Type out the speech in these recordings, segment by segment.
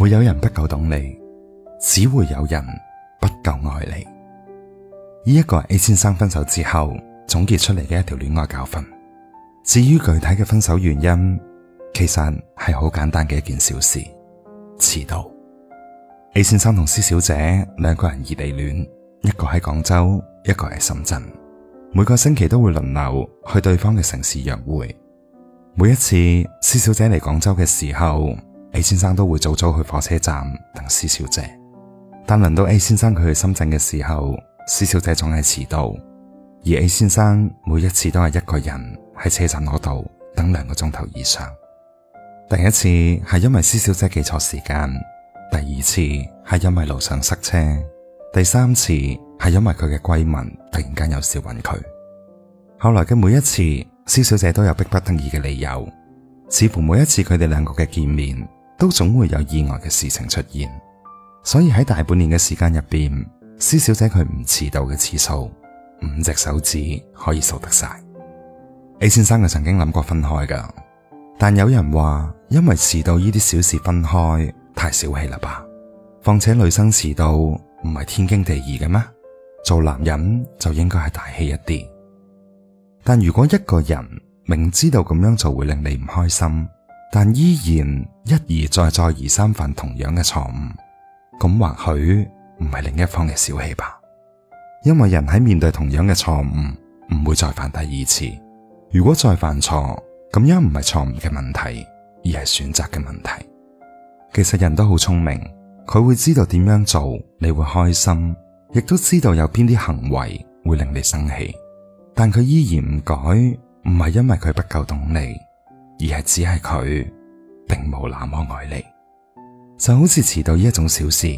沒有人不夠懂你，只會有人不夠愛你。呢一個係 A 先生分手之後總結出嚟嘅一條戀愛教訓。至於具體嘅分手原因，其實係好簡單嘅一件小事：遲到。A 先生同施小姐兩個人異地戀，一個喺廣州，一個喺深圳，每個星期都會輪流去對方嘅城市約會。每一次施小姐嚟廣州嘅時候，A 先生都會早早去火車站等施小姐，但輪到 A 先生佢去深圳嘅時候，施小姐總係遲到，而 A 先生每一次都係一個人喺車站嗰度等兩個鐘頭以上。第一次係因為施小姐記錯時間，第二次係因為路上塞車，第三次係因為佢嘅閨蜜突然間有事揾佢。後來嘅每一次，施小姐都有逼不得已嘅理由，似乎每一次佢哋兩個嘅見面，都總會有意外嘅事情出現，所以喺大半年嘅時間入邊，施小姐佢唔遲到嘅次數，五隻手指可以數得晒。A 先生佢曾經諗過分開噶，但有人話因為遲到呢啲小事分開太小氣啦吧？況且女生遲到唔係天經地義嘅咩？做男人就應該係大氣一啲。但如果一個人明知道咁樣做會令你唔開心。但依然一而再、再而三犯同樣嘅錯誤，咁或許唔係另一方嘅小氣吧？因為人喺面對同樣嘅錯誤，唔會再犯第二次。如果再犯錯，咁樣唔係錯誤嘅問題，而係選擇嘅問題。其實人都好聰明，佢會知道點樣做你會開心，亦都知道有邊啲行為會令你生氣，但佢依然唔改，唔係因為佢不夠懂你。而係只係佢，並冇那麼愛你，就好似遲到呢一種小事，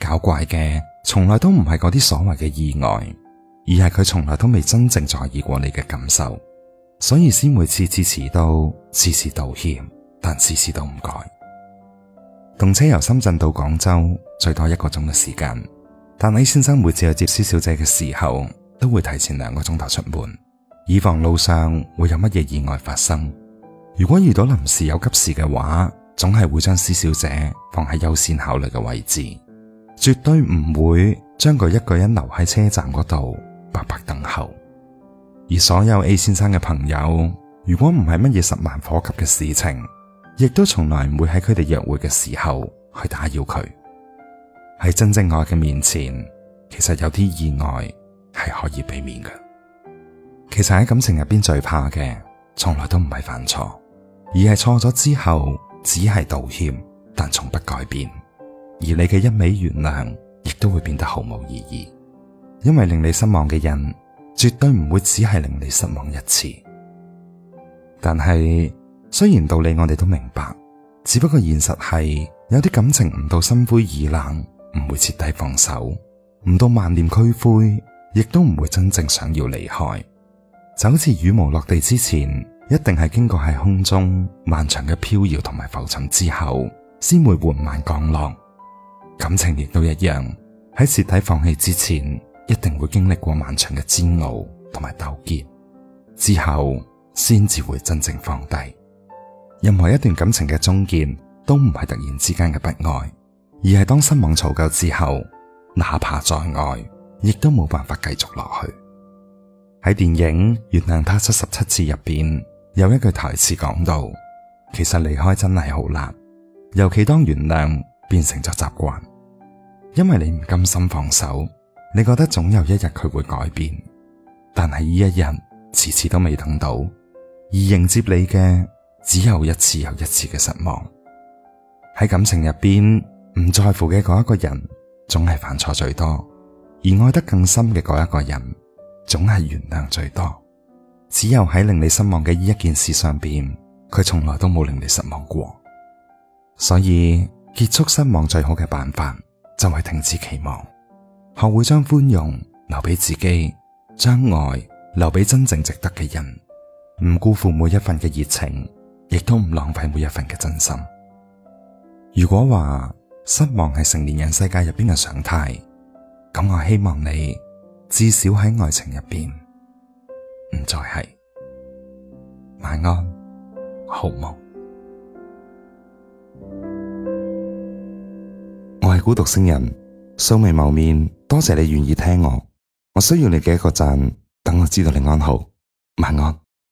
搞怪嘅從來都唔係嗰啲所謂嘅意外，而係佢從來都未真正在意過你嘅感受，所以先會次次遲到，次次道歉，但次次都唔改。動車由深圳到廣州最多一個鐘嘅時間，但李先生每次有接施小姐嘅時候，都會提前兩個鐘頭出門，以防路上會有乜嘢意外發生。如果遇到臨時有急事嘅話，總係會將施小姐放喺優先考慮嘅位置，絕對唔會將佢一個人留喺車站嗰度白白等候。而所有 A 先生嘅朋友，如果唔係乜嘢十萬火急嘅事情，亦都從來唔會喺佢哋約會嘅時候去打擾佢。喺真正愛嘅面前，其實有啲意外係可以避免嘅。其實喺感情入邊最怕嘅，從來都唔係犯錯。而係錯咗之後，只係道歉，但從不改變。而你嘅一味原諒，亦都會變得毫無意義，因為令你失望嘅人，絕對唔會只係令你失望一次。但係雖然道理我哋都明白，只不過現實係有啲感情唔到心灰意冷，唔會徹底放手，唔到萬念俱灰，亦都唔會真正想要離開。就好似羽毛落地之前。一定係經過喺空中漫長嘅飄搖同埋浮沉之後，先會緩慢降落。感情亦都一樣，喺徹底放棄之前，一定會經歷過漫長嘅煎熬同埋糾結，之後先至會真正放低。任何一段感情嘅終結，都唔係突然之間嘅不愛，而係當失望足夠之後，哪怕再愛，亦都冇辦法繼續落去。喺電影《原諒他七十七次》入邊。有一句台詞講到，其實離開真係好難，尤其當原諒變成咗習慣，因為你唔甘心放手，你覺得總有一日佢會改變，但係呢一日次次都未等到，而迎接你嘅只有一次又一次嘅失望。喺感情入邊，唔在乎嘅嗰一個人總係犯錯最多，而愛得更深嘅嗰一個人總係原諒最多。只有喺令你失望嘅呢一件事上邊，佢從來都冇令你失望過。所以結束失望最好嘅辦法就係停止期望，學會將寬容留俾自己，將愛留俾真正值得嘅人，唔辜負每一份嘅熱情，亦都唔浪費每一份嘅真心。如果話失望係成年人世界入邊嘅常態，咁我希望你至少喺愛情入邊。唔再係，晚安，好夢。我係孤獨星人，素未謀面，多謝你願意聽我。我需要你嘅一個讚，等我知道你安好。晚安。